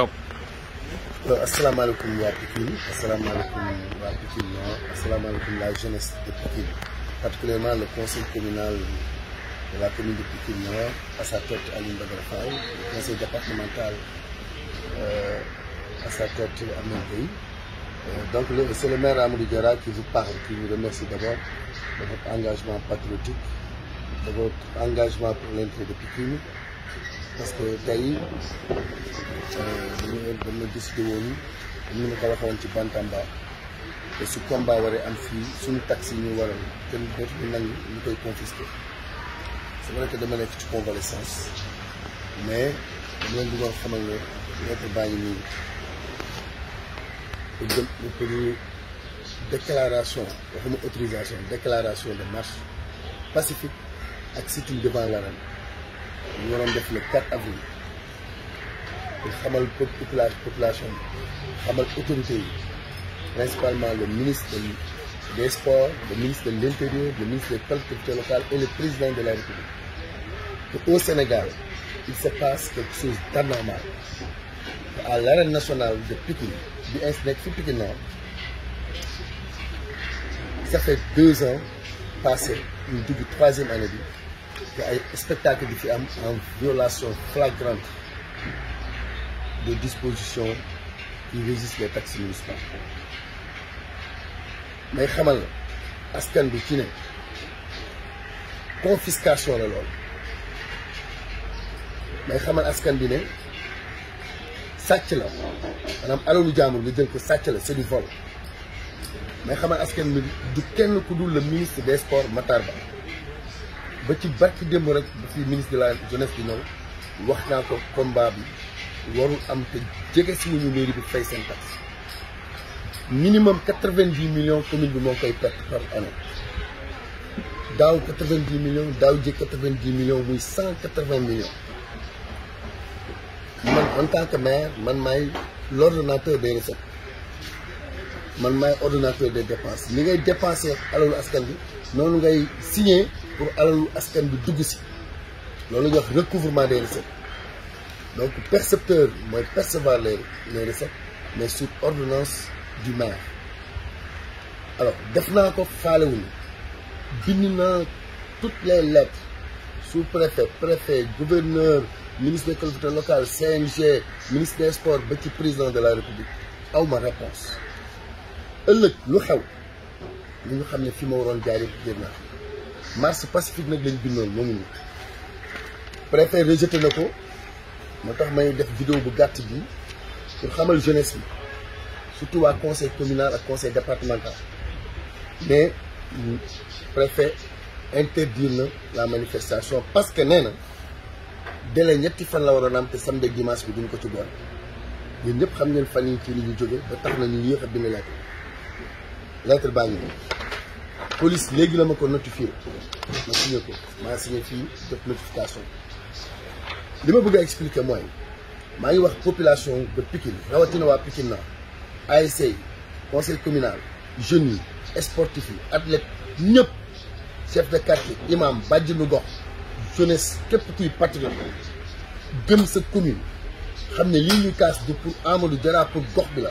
Wa euh, alaikum, wa Wa assalamu alaikum la jeunesse de Pikine particulièrement le conseil communal de la commune de Pikine Nord à sa tête à Badara le conseil départemental euh, à sa tête à euh, donc c'est le maire Amadou Diarra qui vous parle qui vous remercie d'abord de votre engagement patriotique de votre engagement pour l'intérêt de Pikine parce que Taï, nous avons décidé de nous faire un petit Et ce combat, nous avons un taxi, nous avons confisqué. C'est vrai que je suis en convalescence, mais nous devons faire un Nous avons une déclaration, une autorisation, une déclaration de marche pacifique, accessible devant la rame. Nous avons fait le 4 avril pour ramal population bi principalement le ministre des sports le ministre de l'intérieur, le ministre des collectivités locales et le président de la république au Sénégal il se passe quelque chose d'anormal à l'arène nationale de y a un nekk ça fait deux ans passé une une troisième année te spectacle di am en violation flagrante des dispositions qui régissent les taxes municipales mais xamal la askan bi ci ne confiscation la loolu mais xamal askan bi ne sàcc la maanaam alalu jaamur nga jël ko sàcc la c'est du vol mais xamal askan bi du kenn ku dul le ministre des sports matarba ba ci barki démb rek ba fi ministre de la jeunesse bi ñëw wax naa ko combat bi warul am te jege si wuñu mairie bi fay seen taxe minimum quatre-vingt-dix millions commune bi moo koy perte par année daaw million vingt dix millions daaw ji quatre muy cent quatre-vingts millions man en tant que maire man maay l'ordonnateur de recettes man suis ordinateur des dépenses li ngay dépensé alalu askan bi ngay signé pour alalu askan bi dugg le recouvrement des recettes donc percepteur moy percevoir les recettes mais sous ordonnance du maire alors def ko toutes les lettres sous-préfet préfet gouverneur ministre de locale, locale, CNG ministre des sports ba président de la république une réponse ëllëg lu xew li nga xam ne fi ma waroon jaaree jéem naa marche pacifique nag lañ bindoon moomu nit préfet rejeté na ko moo tax may def vidéo bu gàtt bi pour xamal jeunesse bi surtout waa conseil communal ak conseil départemental mais préfet interdire na la manifestation parce que nee na délai ñetti fan la waroon am te samedi dimanche bi duñ ko ci doon yéen ñëpp xam ngeen fan yi ci li ñu jóge ba tax na ñu yéex a bind lettre lettre baa police léegi la ma ko notifié ma signé ko maa signé fii def notification li ma bëgg expliquer mooy maa ngi wax population de Pikine rawatina waa na ASC conseil communal jeunes sportifs sportif ñep athlète chef de quartier imam bàjjenu gox jeunesse képp kuy patriote gëm sa commune xamné li lii ñu kaas du pour Amadou Diarra pour gox bi la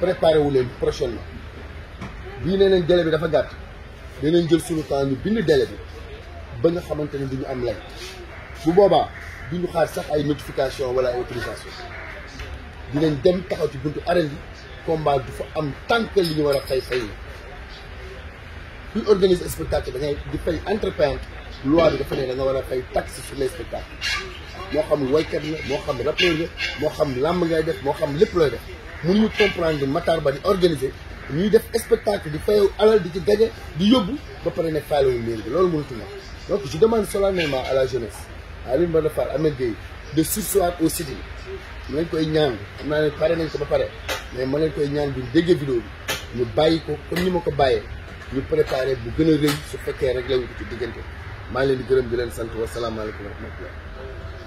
préparé wu leen prochainement bi nee nañ délai bi dafa gàtt dinañ jël suñu temps ñu bind délai bi ba nga xamante ne duñu am lay bu boobaa duñu xaar sax ay notification wala ay autorisation dinañ dem taxaw ci buntu arène bi combat du fa am tànk li ñu war a fay fay kuy organiser spectacle da ngay di fay entreprenant loi bi dafa ne da war a fay taxe sur les spectacles moo xam waykat la moo xam rappeur la moo xam làmb ngay def moo xam lépp looy mënuñu comprendre Matar Ba di organiser ñuy def spectacle di fayew alal di ci gañe di yóbbu ba pare nekk faalewu mairie bi loolu mënatu nekk donc je demande solennellement à la jeunesse à Alioune Badara Fall Ahmed Gueye de surseoir au city ma leen koy ñaan xam naa ne pare nañ ko ba pare mais ma leen koy ñaan bu déggee vidéo bi ñu bàyyi ko comme ni ma ko bàyyee ñu préparé bu gën a rëy su fekkee rek lañu ko ci diggante maa leen gërëm di leen sant wasalaamaaleykum wa rahmatullah